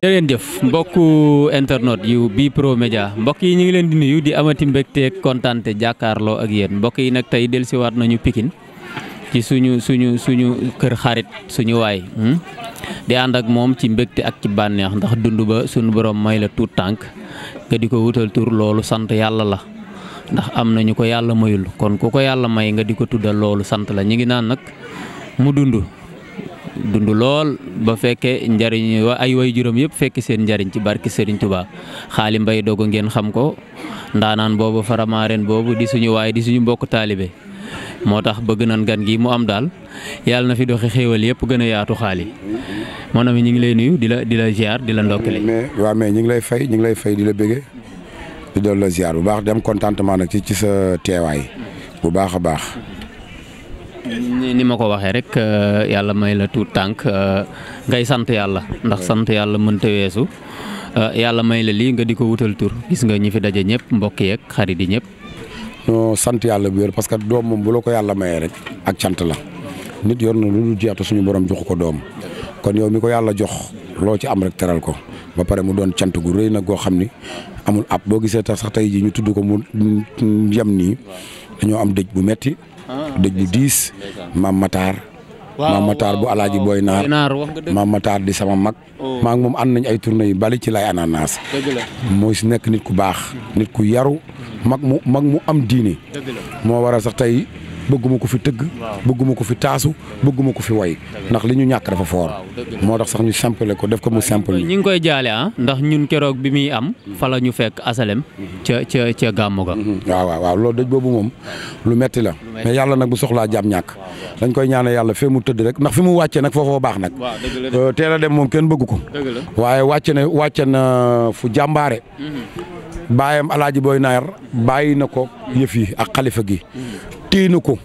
jërëjëf jëf mbokku internet yu bi pro média mbokk yi ñu ngi leen di nuyu di amati mbégteeg kontaante jàkkaarloo ak yéen mbokk yi nag tey dellusiwaat nañu Pikine ci suñu suñu suñu kër xarit suñu waay hmm? di ànd ak moom ci mbégte ak ci bànneex ndax dund ba suñu borom may la tuut tànk nga di ko wutal tur loolu sant yàlla la ndax am na ñu ko yàlla mayul kon ku ko yàlla may nga di ko tuddal loolu sant la ñu ngi naan nag mu dund dund lool ba fekkee njariñ wa ay way juróom yëpp fekk seen njariñ ci barki Serigne Touba xaali mbay dogo ngeen xam ko ndaanaan boobu faramaaren boobu di suñu waay di suñu mbokk taalibe moo tax bëgg nan gan gi mu am daal yàlla na fi doxi xéewal yëpp gën a yaatu xaali mon ami ñu ngi lay nuyu di la di la ziar di la ndokkale mais waaw mais ñu ngi lay fay ñu ngi lay fay di la bëggee di doon la ziar bu baax dem contentement nag ci ci sa teewaay bu baax a baax ni ma ko waxee rek euh, yàlla may la tuut tànk euh, ngay sant yàlla ndax sant yàlla mënta weesu euh, yàlla may la lii nga di ko wutal tur gis nga ñi fi daje ñëpp mbokk yeek xarit yi ñëpp. non sant yàlla bu wér parce que doom moom bu la ko yàlla mayee rek ak cant la nit yoon na lu dul jeexte suñu borom joxu ko doom kon yow mi ko yàlla jox loo ci am rek teral ko ba pare mu doon cant gu rëy nag goo xam ni amul ab boo gisee tax sax tey ji ñu tudd ko mu yem nii dañoo am dëj bu metti dëj bu diis maam Matar. maam Matar bu alaaji booy naar maam Matar di sama mag. Oh. maa ngi moom nañ ay turne yu bari ci lay ananaas moo si nekk nit ku baax. nit ku yaru. mag mu mag mu am diine. moo waral sax tey. bëgguma ko fi tëgg bëgguma ko fi taasu bëgguma ko fi woy ndax li ñu ñàkk dafa foor moo tax sax ñu simple ko def ko mu simple ñu ngi koy jaale ah ndax ñun keroog bi muy am fala ñu fekk asalem ca ca ca gàmmu ga mhm. waaw waaw waaw loolu dëj boobu moom lu metti la mais yàlla nag bu soxlaa jaam ñàkk dañ koy ñaane yàlla fee mu tëdd rek ndax fi mu wàcce nag foofoo baax nag euh, teel a dem moom kenn bëggu ko waaye wàcce na wàcce na fu jàmbaare mhm. baayam alaaji booy naar bàyyi na ko yëf yi xalifa gi mhm. téye na ko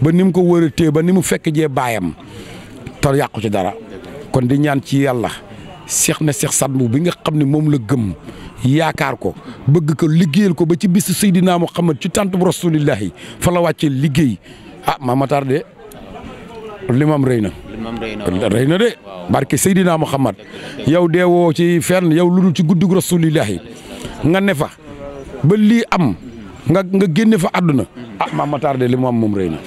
ba ni mu ko wër a téye ba ni mu fekk jee baayam te yàqu ci dara kon di ñaan ci yàlla seex na seex Sadbu bi nga xam ne moom la gëm yaakaar ko bëgg ko liggéeyal ko ba ci bisu Seydina Muhammad ci tànt bu rasulillahi fa la wàccee liggéey ah Mamatar de limam rëy na. rëy na de barke Seydina Muhammad yow deewoo ci fenn yow lu dul ci guddug rasulillahi nga ne ba lii am. nga nga génne fa àdduna ah maam Matar de li mu am moom rëy na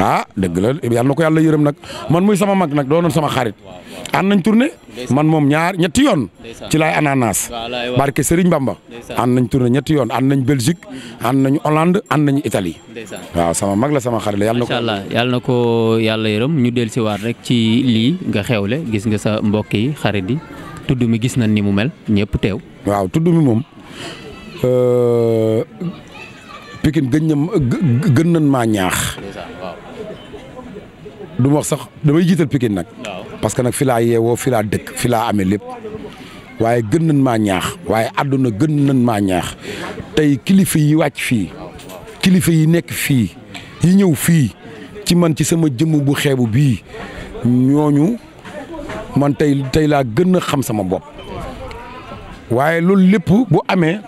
ah dëgg la yàlla na ko yàlla yërëm nag man muy sama mag nag doonoon sama xarit ànd nañ tourné man moom ñaar ñetti yoon ci laay ananas barke Serigne Bamba ànd nañ tourné ñetti yoon ànd nañ Belgique ànd nañ Hollande ànd nañ Italie waaw sama mag la sama xarit la yàlla na ko yàlla na ko yàlla yërëm ñu del si waat rek ci lii nga xew le gis nga sa mbokk yi xarit yi tudd mi gis na ni mu mel ñëpp teew waaw tudd mi moom euh, Pikine gën na gën nañ maa ñaax. du ma wax sax damay jiital pikin nag. parce que nag fi laa yeewoo fi laa dëkk fi laa amee lépp. waaye gën nañ maa ñaax waaye àdduna gën nañ maa ñaax tey kilifa yi wàcc fii kilifa yi nekk fii yi ñëw fii ci man ci sama jëmm bu xeebu bii ñooñu man tey tey laa gën a xam sama bopp waaye loolu lépp bu amee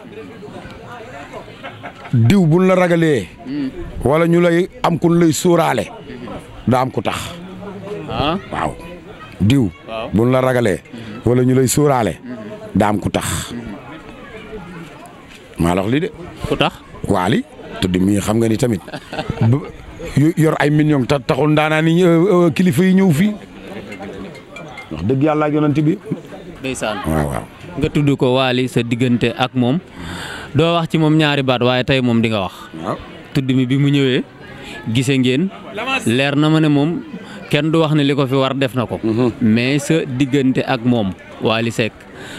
diw buñ la ragalee. Hmm. walla ñu lay am kun lay sóoraale. daa am ku tax. ah waaw. diw. waaw buñ la ragalee. Hmm. wala ñu lay sóoraale. Hmm. daa am ku tax. maa la wax lii de. ku tax waali. tudd mi xam nga ni tamit yor ay millions ta taxul ndaanaa ni euh, euh, kilifa yi ñëw fii wax dëgg yàlla ak yonent bi. ndeysaan waaw waaw. nga tudd ko waali sa diggante ak moom. doo wax ci moom ñaari baat waaye tey moom di nga wax. tudd mi bi mu ñëwee gise ngeen leer na ma ne moom kenn du wax ne li ko fi war def na ko. Mhm. mais sa diggante ak moom waali Seck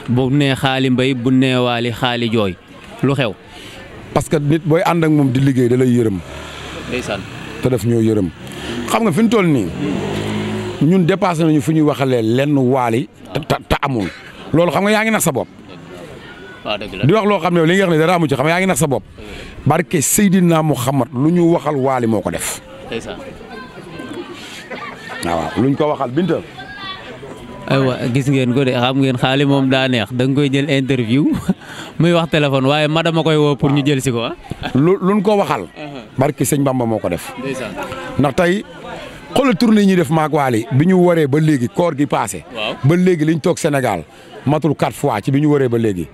bu nee xaali mbay bu nee xaali jooy lu xew. parce que nit booy ànd ak moom di liggéey da lay yërëm. ndeysaan te def ñoo yërëm. xam nga fi mu toll nii ñun dépassé nañu fu ñuy waxalee lenn waali te te amul loolu xam nga yaa ngi nax sa bopp. di wax loo xam ne li nga wax ne dara amu ci xam yaa ngi nax sa bopp barke Seydina Muhammad lu ñu waxal waali moo ko def waaw luñ ko waxal Binta. aywa gis ngeen ko de xam ngeen xaali moom daa neex da koy jël interview muy wax téléphone waaye madama koy woo pour ñu jël si ko ah. lu luñ ko waxal. Uh-huh. barki sëñ Bamba moo ko def. ndax tey xoolal tournée yi ñuy def maag waali bi ñu waree ba léegi koor gi paase. ba léegi liñ toog Sénégal matul quatre fois ci bi ñu waree ba léegi.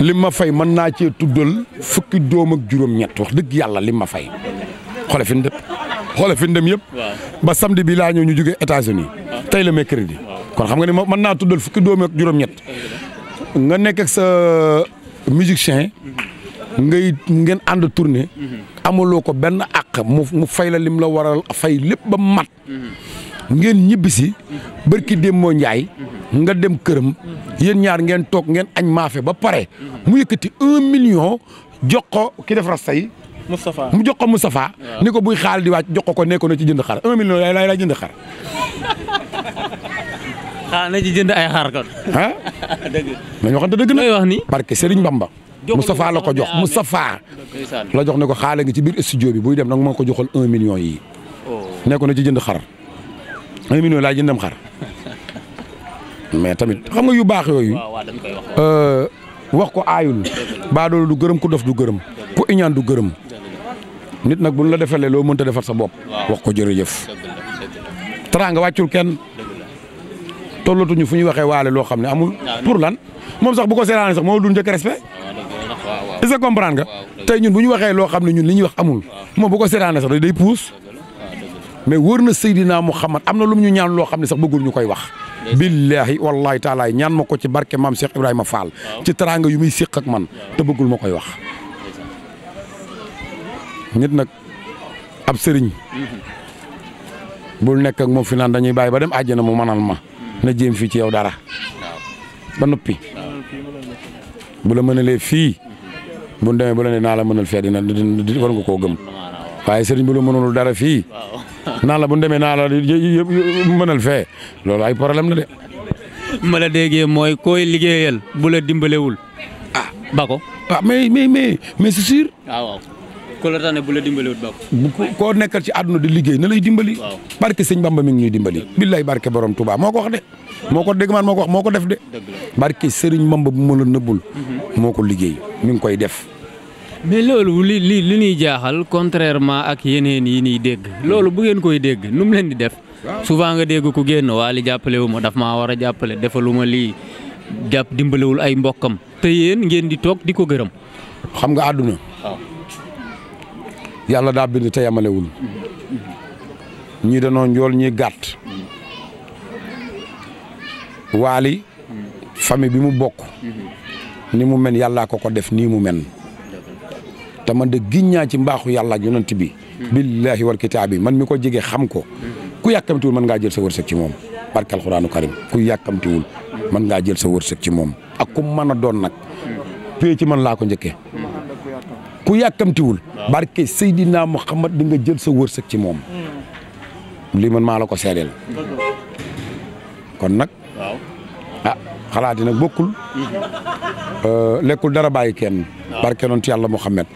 li ma fay man naa cee tuddal fukki doom ak juróom-ñett wax dëgg yàlla li ma fay xoole fi mu dem xoole fi dem yëpp. ba samedi bi laa ñëw ñu jugee États-Unis ah. tey la mercredi kon xam nga ni ma mën naa tuddal fukki doom ak juróom-ñett nga nekk ak sa euh, musicien mm-hmm. ngay ngeen ànd tournée. Mm-hmm. amuloo ko benn àq mu mu fay la lim la waral fay lépp ba mat. Mm-hmm. ngeen ñibbisi barki démboo Njaay nga dem këram yéen ñaar ngeen toog ngeen añ maafe ba pare mu yëkkati un million jox ko ki def rasta yi Moustapha mu jox ko Moustapha ni ko buy xaal di wàcc jox ko ko nekkoon na ci jënd xar un million lay lay jënd xar. xaar na jënd ay xar kon. ah dëgg la ñu waxante dëgg na wax ni. parce que Serigne Bamba. Moustapha la ko jox Moustapha la jox ne ko xaale ngi ci biir studio bi buy dem nag moo ko joxal un million yi. Oh. nekkoon na ci jënd xar. un million laa jëndam xar mais tamit xam nga yu baax yooyu euh, wax ko aayul baa doolu du gërëm ku dof du gërëm ku iñaan du gërëm nit nag bu ñu la defalee loo mënta defal sa bopp wax ko jërëjëf teraanga cul kenn tollatuñu fu ñuy waxee waale loo xam ne amul pour lan moom sax bu ko seeraane sax moo dul njëkk respect est-ce que comprendre nga ñun bu ñu waxee loo xam ne ñun li ñu wax amul moom bu ko seeraane sax day puus mais wóor na Seydina Muhammad am na lu mu ñu ñaan loo xam ne sax bëggul ñu koy wax. billaahi wallaahi taalaay ñaan ma ko ci barke maam Cheikh Ibrahima faal ci teraanga yu muy séq ak man te bëggul ma koy wax. nit nag ab sëriñ. bul nekk ak fi naan dañuy bàyyi ba dem àjjana mu manal ma. Mm. na jéem fii ci yow dara. ba noppi. Mm. bu la mënalee fii. bu demee bu la nee naa la mënal fee dina war nga koo gëm. waaye sëriñ bu la mënalul dara fii. naan la bu ñu demee naa la yëpp mënal fee loolu ay problème la de. ma la déggee mooy koy liggéeyal bu la dimbalewul ah ba ko. ah mais mais mais mais c'est sûr. waaw ah, waaw ku la tax ne dimbalewul ba ko. bu koo nekkal ci àdduna di liggéey na lay dimbali. waaw barke sëñ Bamba mi ngi ñuy dimbali. billaay barke borom Touba moo ko de. moo ko dégg man moo ko moo ko def de. barke sëriñ Bamba bu ma la mhm. moo ko liggéey mi ngi koy def. mais loolu li li ñuy jaaxal contrairement ak yeneen yi ñuy dégg loolu bu ngeen koy dégg nu mu leen di def souvent nga dégg ku génn waali li jàppale ma daf maa war a jàppale defaluma lii jàpp dimbalewul ay mbokkam te yéen ngeen di toog di ko gërëm. xam nga àdduna. yàlla daa bind te yamalewul. ñi danoo njool ñi gàtt. waali mm-hmm. famille bi mu bokk. Mm-hmm. ni mu mel yàllaa ko ko def nii mu mel. te man de giññaa ci mbaaxu yàlla ak yonent bi billaahi wal kitaabi man mi ko jege xam ko ku yàkkamtiwul man ngaa jël sa wërsëg ci moom barke alxuraanu karim ku yàkkamtiwul mën ngaa jël sa wërsëg ci moom ak ku mën a doon nag pee ci man laa ko njëkkee ku yàkkamtiwul barke Seydina Muhammad di nga jël sa wërsëg ci moom lii man maa la ko seedeel kon nag ah xalaati nag bokkul mm-hmm. euh, lekkul dara bàyyi kenn ah. barke noonu ci yàlla Muhammad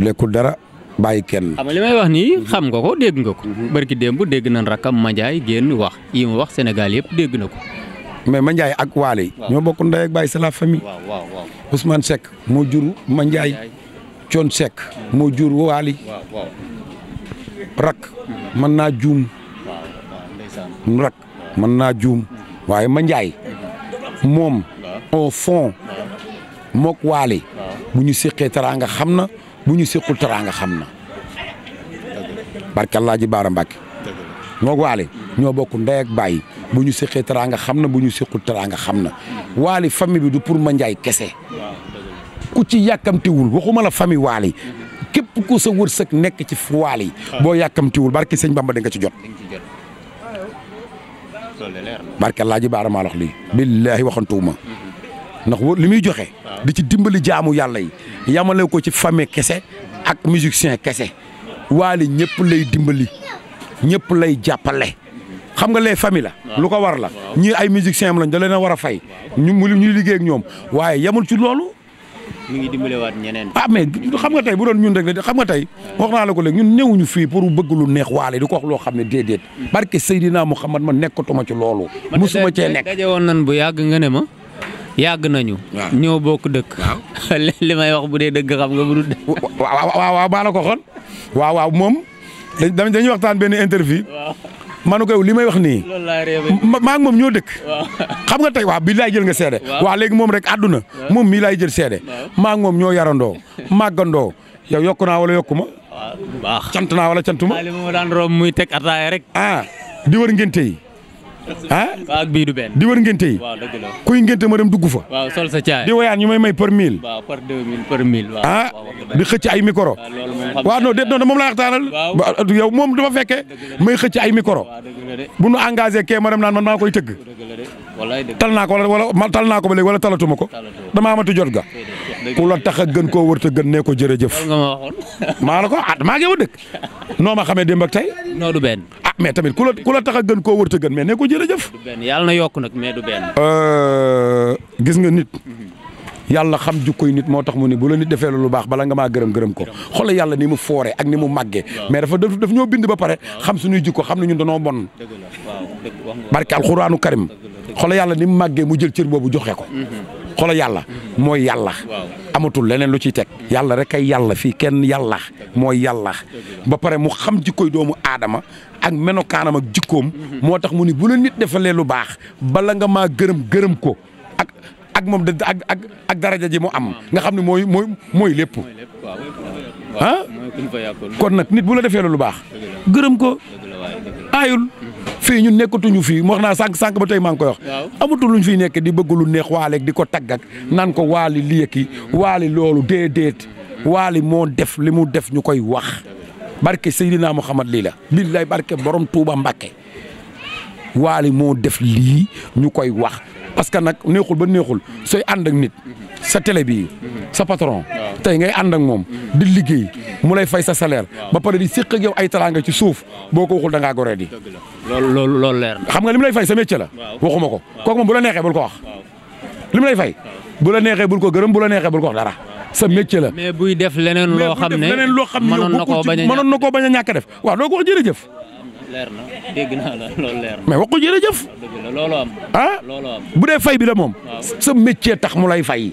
lekkul dara bàyyi kenn. xam li may wax nii xam nga ko dégg nga ko. barki démb dégg nañ rakkam Mandiaye génn wax yi mu wax senegal yëpp dégg na ko. mais Mandiaye ak Waly. ñoo bokk ndey ak baay c'est la famille. waaw waaw waaw Ousmane Seck moo jur Mandiaye. Thione Seck jur Waly. waaw rak mën naa juum. rak mën naa juum. waaye Mandiaye moom. au fond mook Waly. bu ñu seqee xam na. bu ñu sequl teraanga xam na barke Alaaji Baara Mbàkke moo waale ñoo bokk ndey ak bu ñu seqee teraanga xam na bu ñu sequl teraanga xam na waali famille bi du pour ma njaay kese ku ci yàkkamtiwul waxuma la famille waali képp ku sa wërsëg nekk ci waali boo yàkkamtiwul barke sëñ Bamba da nga ci jot barke Alaaji Baara maa lox lii billaahi waxantuwuma ndax li muy joxe di ci dimbali jaamu yàlla yi yamale ko ci famille kese ak musicien kese waali ñëpp lay dimbali ñëpp lay jàppale xam nga les famille la lu ko war la ñii ay musicien am lañ da leen a war a fay ñu ñuy liggéey ak ñoom waaye yamul ci loolu mi ngi ñeneen. ah mais xam nga tey bu doon ñun rek de xam nga tey wax naa la ko léegi ñun ñëwuñu fii pour bëgg lu neex waale di ko loo xam ne déedéet. Mm. barke Seydina Muhammad ma nekkatuma ci loolu. musuma cee nekk daje woon nan bu yàgg nga ne ma. yàgg nañu. ñoo bokk dëkk. li may wax bu dee dëgg xam nga bu dul. waaw waaw baala ko xon waaw waaw moom dañuy waxtaan benn interview. manu koy li may wax nii maa moom ñoo dëkk xam nga tey waaw bii laay jël nga seede waa léegi moom rek àdduna moom mii laay jël seede maa moom ñoo yarandoo màggandoo yow yokku naa wala yokk ma cant naa wala cantuma li ma daan romb muy teg ataaya rek ah di wër tey ah ak bii di wër ngénte yi kuy ngénte ma dem dugg fa waaw sol sa caay di wayaan ñu may may par mille waaw par deux mille par mille ah di xëcc ay micro waaw non déet non moom yow moom dama fekkee may xëcc ay micro bu nu engagé kee ma dem naan man maa koy tëgg tal naa ko wala tal naa ko ba léegi wala talatuma ko damaa amatu jot ga ku la tax gën koo wër te gën nee ko jërëjëf maa la ko ah maa ngi wa dëkk noo ma xamee démb ak tey noo mais tamit ku la ku la tax a gën koo wërta gën mais ne ko jërëjëf. du benn na yokk nag mais euh, gis nga nit. yàlla xam jukkoy nit moo tax mu ni bu la nit defee lu baax bala nga maa gërëm gërëm ko xoolal yàlla ni mu foore ak ni mu màggee mais dafa def ñoo bind ba pare xam suñuy jukko xam ne ñun danoo bon barke alxuraanu karim xoolal yàlla ni mu màggee mu jël cër boobu joxe ko mm-hmm. xoolal yàlla mooy yàlla amatul leneen lu ciy teg yàlla rek ay yàlla fii kenn yàlla mooy yàlla ba pare mu xam jikkoy doomu aadama ak menokaanam ak jikkoom mhm. moo tax mu ni bu la nit defalee lu baax bala nga maa gërëm gërëm ko ak ak moom da ak ak ak daraja ji mu am nga xam ne mooy mooy lépp ah kon nag nit bu la defee lu baax gërëm ko aayul mhm. fii ñun nekkatuñu fii wax naa sànq sànq ba tey maa ngi koy wax. amatul luñ fiy nekk di bëgg lu neex waaleeg di ko tàggat naan ko waali lii ki waali loolu déedéet waali moo def li mu def ñu koy wax. barke Seydina Muhammad lii la billaay barke borom Touba Mbakke waali moo def lii ñu koy wax parce que nag neexul ba neexul sooy ànd ak nit sa télé bi sa patron. tey ngay ànd ak moom di liggéey mu lay fay sa salaire ba pare di séq ak yow ay talaa nga ci suuf boo ko waxul da ngaa goree di. loolu loolu loolu leer xam nga li mu lay fay sa métier la. waxuma ko kooku moom bu la neexee bul ko wax. li mu lay fay bu la neexee bul ko gërëm bu la neexee bul ko wax dara. sa métier la mais buy def leneen loo xam ne mënoon na koo bañ a mënoon na koo bañ a ñàkk def waaw doo ko wax leer na dégg naa la leer mais wax ko jërëjëf. dëgg la ah? loolu am. bu dee fay bi la moom. sa métier tax mu lay fay.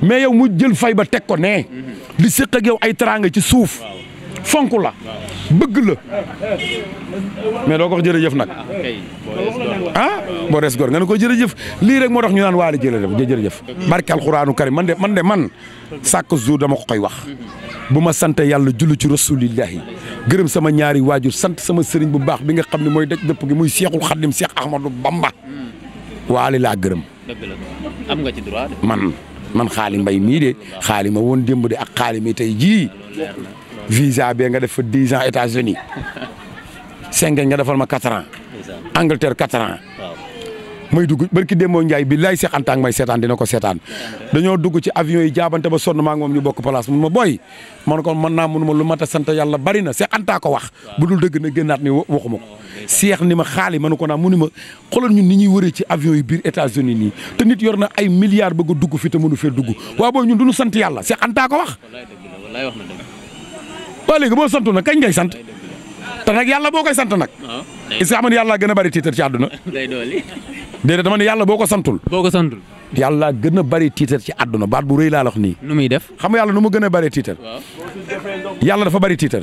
mais yow mu jël fay ba teg ko nee di séq ak yow ay teraanga ci suuf fonk la bëgg la mais doo ko wax jërëjëf nag ah boo des góor nga ne ko jërëjëf lii rek moo tax ñu naan waale jërëjëf jërëjëf barke alxuraanu karim man de man de man chaque jour dama ko koy wax bu ma sant yàlla jullu ci rasulillahi gërëm sama ñaari waajur sant sama sëriñ bu baax bi nga xam ne mooy daj dëpp gi muy seexul xaddim seex ahmadu bamba waale laa gërëm nga ci droit man man xaali mbay mii de xaali ma woon démb de ak xaali mi tey jii visa bee nga def fa dix ans États-Unis cinq ans nga defal ma quatre ans Angleterre quatre ans may dugg barki Demba Ndiaye bi laay Cheikh Anta ak may seetaan dina ko seetaan dañoo dugg ci avion yi jaabante ba sonn maa ngi moom ñu bokk place mun ma booy man kon mën naa mënu ma lu mat a sant yàlla bari na Cheikh Anta ko wax bu dul dëgg na génnaat ni waxuma ko seex ni ma xaali man ne ko naa mu ni ma xoolal ñun ni ñuy waree ci avion yi biir États-Unis nii te nit yor na ay milliards bëgg a dugg fi te mënu fee dugg waaw boobu ñun du ñu sant yàlla Seex Anta ko wax. waaw léegi boo santu nag kañ ngay sant te nag yàlla boo koy sant nag. est-ce ah, que xam yàlla gën a bari tiitar ci àdduna. day dooli yàlla boo ko santul. boo ko santul. yàlla gën a bari tiitar ci àdduna baat bu rëy laa wax nii. nu muy def xam nga yàlla nu mu gën a bari tiitar. yàlla dafa bari tiitar.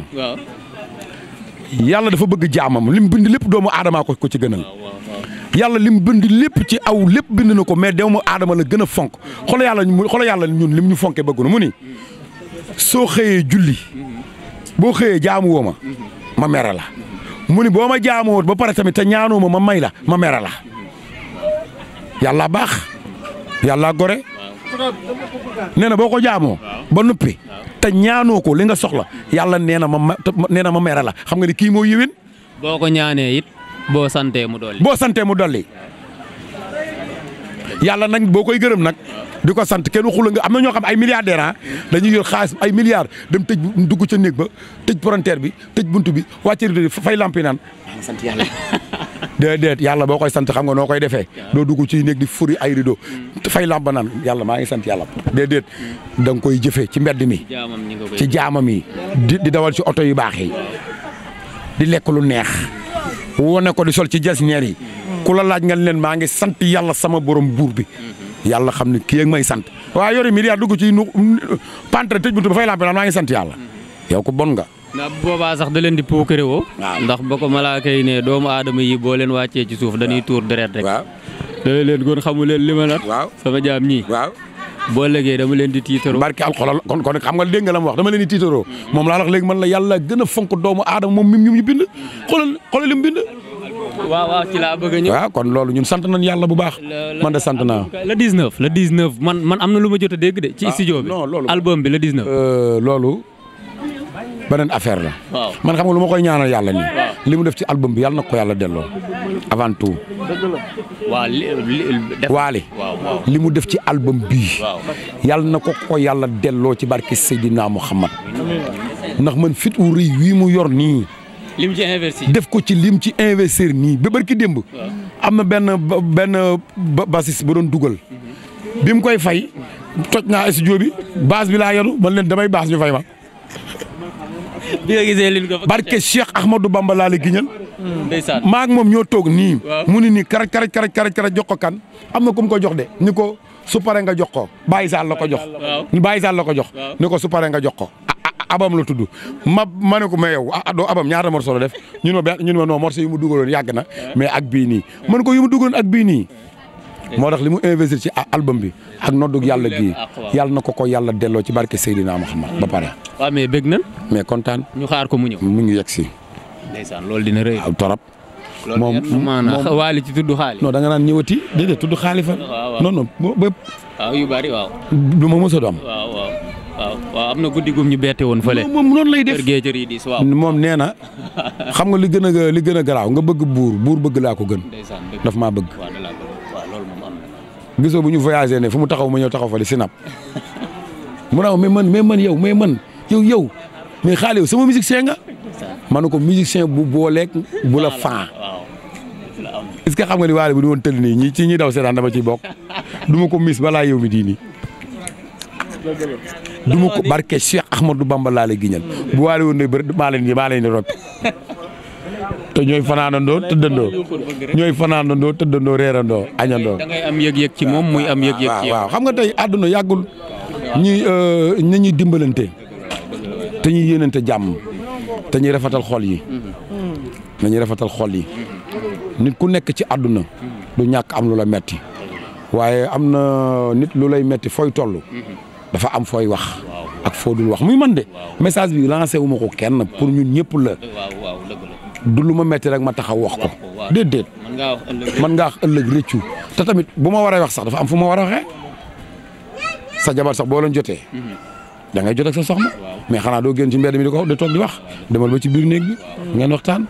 yàlla dafa bëgg jaamam lim bind lépp doomu aadamaa ko ko ci gënal yàlla lim bind lépp ci aw lépp bind na ko mais doomu aadama la gën a fonk xoolal yàlla ñu xoolal yàlla ñun lim ñu fonkee bëgg na mu soo xëyee julli boo xëyee jaamu woo ma ma mere la mu boo ma jaamoo ba pare tamit te ñaanoo ma ma may la ma mere la yàlla baax yàlla gore nee na boo ko jaamoo ba nuppi te ñaanoo ko li nga soxla yàlla nee na ma ma nee na ma mere la xam nga ni kii moo yéwén. boo ko ñaanee it boo santee mu dolli. boo santee mu dolli. yàlla nag boo koy gërëm nag di ko sant kenn waxul nga am na ñoo xam ay milliardaires ah dañuy yor xaalis ay milliards dem tëj dugg ca néeg ba tëj frontière bi tëj bunt bi wàcce bi fay lampi naan. sant yàlla. déedéet yàlla boo koy sant xam nga noo koy defee doo dugg ci néeg di furi ay rido mm. fay làmba naan yàlla maa ngi sant yàlla déedéet da nga koy jëfee ci mbedd mi ci jaamam yi di dawal ci oto yu baax yi di lekk lu neex wone ko di sol ci jas ñeer yi ku la laaj nga leen maa ngi sant yàlla sama borom buur bi. yàlla xam ne kii ak may sant waaye yori milliard dugg ci nu pantre tëj buntu ba fay lampe naan maa ngi sant yàlla. yow ko bon nga. ndax boobaa sax da leen di pookere woo. ndax ba ko malaaka ne doomu aadama yi boo leen wàccee ci suuf dañuy tuur deret rek. da leen kon xamu leen li ma nat sama jaam ñii waaw. boo léegi dama leen di tiitaroo. barke alxolal kon kon xam nga dégg nga la mu wax dama leen di tiitaroo. Hmm. moom laa wax léegi man la yàlla gën a fonk doomu aadama moom mi ñu waaw waaw laa bëgg a ñëw kon loolu ñun sant nañ yàlla bu baax. man de sant naa. le 19 le 19 man man am na lu ma jot a dégg de. ci ah, studio bi album bi le 19. Euh, loolu beneen affaire la. man xam nga lu ma koy ñaanal yàlla nii. li mu def ci album bi yàlla na ko yàlla delloo avant tout. waaw waale mu def ci album bii. yàlla na ko ko yàlla delloo ci barke Seydina Muhammad ndax man fit wu rëy wii mu yor nii. lim investir def ko ci lim ci investir nii ba barki démb. am na benn benn basis bu doon dugal. Mhm. bi mu koy fay toj naa studio bi base bi laa yoru man leen damay baas ñu fay ma. bi nga gisee li ko barke Cheikh Ahmadou Bamba laa la giñal. Hmm, ndeysaan maa ak moom ñoo toog nii. mu ni nii karaj karaj karaj karaj karaj jox ko kan. am na ku mu ko jox de ni ko su nga jox ko Baye Sall la ko jox. Baye Sall la ko jox ni ko su nga jox ko. abam la tudd ma ma ne ko mais yow ah, doo abam ñaara morceau solo def ñun ma benn ñun ma non morceau yi mu dugaloon yàgg na mais ak bii nii man ko yi mu dugaloon ak bii nii. moo tax li mu investir ci album bi ak noddug yàlla gii yalla na ko ko yàlla delloo ci barke Seydina Muhammad ba pare. waaw mais bëgg nañ. mais kontaan. ñu xaar ko mu ñëw mu ngi yegg si. ndeysaan loolu dina rëy. waaw torop. moom moom waali ci tudd xaali. non da nga naan ñëwati déedéet tudd xaali fan. non non ba. waaw yu bari waaw. du ma mos a waaw waaw am na guddi ñu bette woon fële. moom noonu lay def kër yi diis waaw. moom nee na xam nga li gën a li gën garaaw nga bëgg buur buur bëgg laa ko gën. daf maa bëgg. gisoo bu ñu voyagé ne fu mu taxaw ma ñëw taxaw fële Sinap mu naaw mais man mais man yow mais man yow yow mais xaalis yow sama musicien nga. ma ne ko musicien bu booleeg bu la faa. est-ce xam nga ni waale bu ñu woon tëdd nii ñi ci ñi daw seetaan dama ciy bokk du ma ko mis balaa yow mi dii nii du ma ko barke Cheikh Ahmadou Bamba laa lay giñal bu waale woon ne bëri maa leen di maa leen di roppi ñooy fanaanandoo tëddandoo ñooy fanaanandoo tëddandoo reerandoo añandoo. da ngay am yëg-yëg ci moom muy am yëg-yëg ci waaw xam nga tey àdduna yàggul euh, ñuy nañuy dimbalante te ñuy yéenante jàmm te ñuy rafetal xol yi mm-hmm. nañuy rafetal xol yi nit ku nekk ci àdduna du ñàkk am lu la metti waaye am na nit lu lay metti fooy toll. Mm-hmm. dafa am fooy wax ak foo dul wax muy man de message bi lancé wu ma ko kenn pour ñun ñëpp la du lu ma metti rek ma taxaw wax ko déedéet man ngaa wax ëllëg rëccu te tamit bu ma waree wax sax dafa am fu ma war a waxee sa jabar sax boo leen jotee da ngay jot sox sa soxna mais xanaa doo geen ci mbedd mi di ko di toog wax demal ba ci biir néeg bi ngeen waxtaan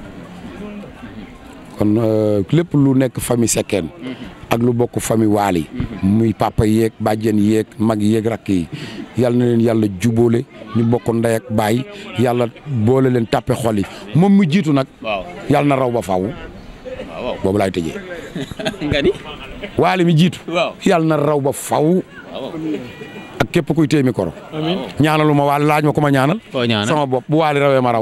kon euh, lépp lu nekk famille Seckène ak lu bokk famille Waly mhm. muy papa yeek bàjjen yeeg mag yeeg rakk yi yal na leen yàlla jubóole ñu bokk ndey ak baay yàlla boole leen tàppe xol yi moom mu jiitu nag. yàlla na raw ba faaw. waaw boobu laay tëjee. nga ni. Waly jiitu. waaw na raw ba faw ak képp kuy téemi koro ñaanalu ma Waly laaj ma ko ma ñaanal. sama bopp bu Waly rawee ma raw.